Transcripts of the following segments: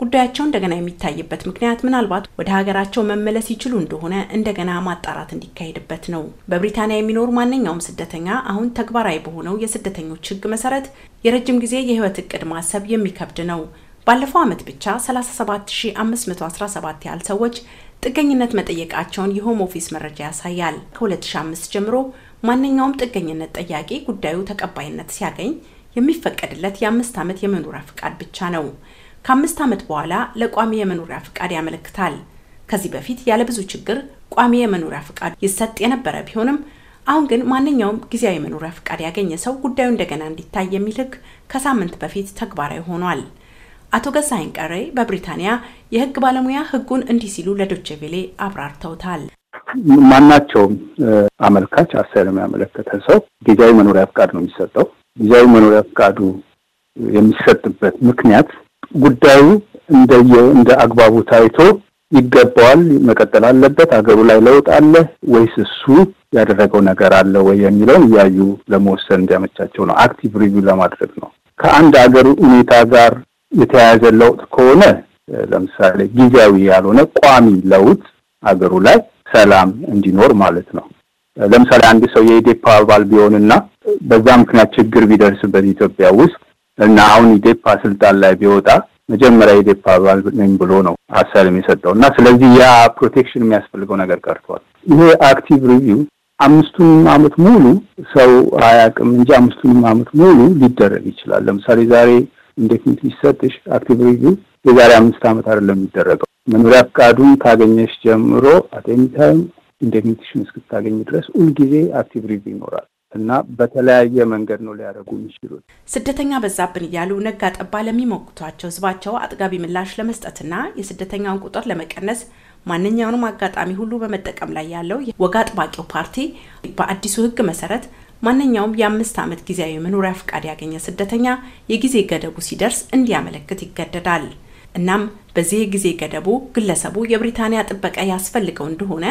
ጉዳያቸው እንደገና የሚታይበት ምክንያት ምናልባት ወደ ሀገራቸው መመለስ ይችሉ እንደሆነ እንደገና ማጣራት እንዲካሄድበት ነው። በብሪታንያ የሚኖር ማንኛውም ስደተኛ አሁን ተግባራዊ በሆነው የስደተኞች ሕግ መሰረት የረጅም ጊዜ የህይወት እቅድ ማሰብ የሚከብድ ነው። ባለፈው ዓመት ብቻ 37517 ያህል ሰዎች ጥገኝነት መጠየቃቸውን የሆም ኦፊስ መረጃ ያሳያል። ከ2005 ጀምሮ ማንኛውም ጥገኝነት ጠያቂ ጉዳዩ ተቀባይነት ሲያገኝ የሚፈቀድለት የአምስት ዓመት የመኖሪያ ፍቃድ ብቻ ነው። ከአምስት ዓመት በኋላ ለቋሚ የመኖሪያ ፍቃድ ያመለክታል። ከዚህ በፊት ያለ ብዙ ችግር ቋሚ የመኖሪያ ፍቃድ ይሰጥ የነበረ ቢሆንም አሁን ግን ማንኛውም ጊዜያዊ መኖሪያ ፍቃድ ያገኘ ሰው ጉዳዩ እንደገና እንዲታይ የሚል ሕግ ከሳምንት በፊት ተግባራዊ ሆኗል። አቶ ገዛኸኝ ቀሬ በብሪታንያ የህግ ባለሙያ ህጉን እንዲህ ሲሉ ለዶቼ ቬሌ አብራርተውታል። ማናቸውም አመልካች አሳይለም ያመለከተ ሰው ጊዜያዊ መኖሪያ ፍቃድ ነው የሚሰጠው። ጊዜያዊ መኖሪያ ፍቃዱ የሚሰጥበት ምክንያት ጉዳዩ እንደየ እንደ አግባቡ ታይቶ ይገባዋል መቀጠል አለበት። አገሩ ላይ ለውጥ አለ ወይስ እሱ ያደረገው ነገር አለ ወይ የሚለውን እያዩ ለመወሰን እንዲያመቻቸው ነው። አክቲቭ ሪቪው ለማድረግ ነው። ከአንድ አገር ሁኔታ ጋር የተያያዘ ለውጥ ከሆነ ለምሳሌ ጊዜያዊ ያልሆነ ቋሚ ለውጥ አገሩ ላይ ሰላም እንዲኖር ማለት ነው። ለምሳሌ አንድ ሰው የኢዴፓ አባል ቢሆንና በዛ ምክንያት ችግር ቢደርስበት ኢትዮጵያ ውስጥ እና አሁን ኢዴፓ ስልጣን ላይ ቢወጣ መጀመሪያ ኢዴፓ አባል ነኝ ብሎ ነው ሀሳብ የሚሰጠው እና ስለዚህ ያ ፕሮቴክሽን የሚያስፈልገው ነገር ቀርቷል። ይሄ አክቲቭ ሪቪው አምስቱንም አመት ሙሉ ሰው አያውቅም እንጂ አምስቱንም አመት ሙሉ ሊደረግ ይችላል። ለምሳሌ ዛሬ እንደ ሊሰጥሽ አክቲቭ ሪቪው የዛሬ አምስት አመት አይደለም የሚደረገው። መኖሪያ ፍቃዱን ካገኘሽ ጀምሮ አቴኒ ታይም እስክታገኝ ድረስ ሁልጊዜ አክቲቭ ሪቪ ይኖራል። እና በተለያየ መንገድ ነው ሊያደርጉ የሚችሉት። ስደተኛ በዛብን እያሉ ነጋ ጠባ ለሚሞክቷቸው ህዝባቸው አጥጋቢ ምላሽ ለመስጠትና የስደተኛውን ቁጥር ለመቀነስ ማንኛውንም አጋጣሚ ሁሉ በመጠቀም ላይ ያለው ወግ አጥባቂው ፓርቲ በአዲሱ ህግ መሰረት ማንኛውም የአምስት ዓመት ጊዜያዊ መኖሪያ ፍቃድ ያገኘ ስደተኛ የጊዜ ገደቡ ሲደርስ እንዲያመለክት ይገደዳል። እናም በዚህ ጊዜ ገደቡ ግለሰቡ የብሪታንያ ጥበቃ ያስፈልገው እንደሆነ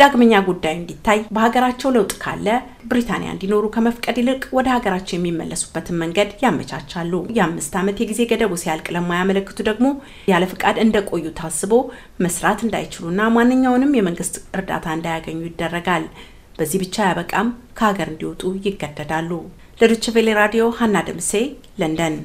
ዳግመኛ ጉዳይ እንዲታይ በሀገራቸው ለውጥ ካለ ብሪታንያ እንዲኖሩ ከመፍቀድ ይልቅ ወደ ሀገራቸው የሚመለሱበትን መንገድ ያመቻቻሉ። የአምስት ዓመት የጊዜ ገደቡ ሲያልቅ ለማያመለክቱ ደግሞ ያለ ፍቃድ እንደቆዩ ታስቦ መስራት እንዳይችሉና ማንኛውንም የመንግስት እርዳታ እንዳያገኙ ይደረጋል። በዚህ ብቻ ያበቃም፣ ከሀገር እንዲወጡ ይገደዳሉ። ለዶችቬሌ ራዲዮ ሀና ደምሴ ለንደን